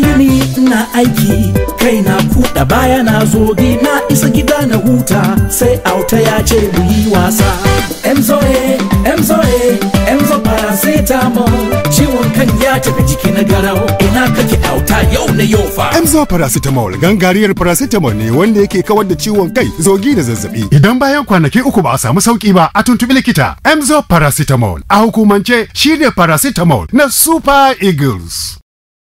na na aiki kai na kuɗa baya na zogi na isa gida na huta sai auta ya ce mu yi wasa emzoe emzoe emzo paracetamol ciwon kan ya tafi jiki na garau ina kake auta yau na yau fa gangariyar paracetamol ne wanda yake kawar da ciwon kai zogi da zazzabi idan bayan kwanaki uku ba a samu sauki ba a tuntubi likita emzo paracetamol a hukumance shine paracetamol na super eagles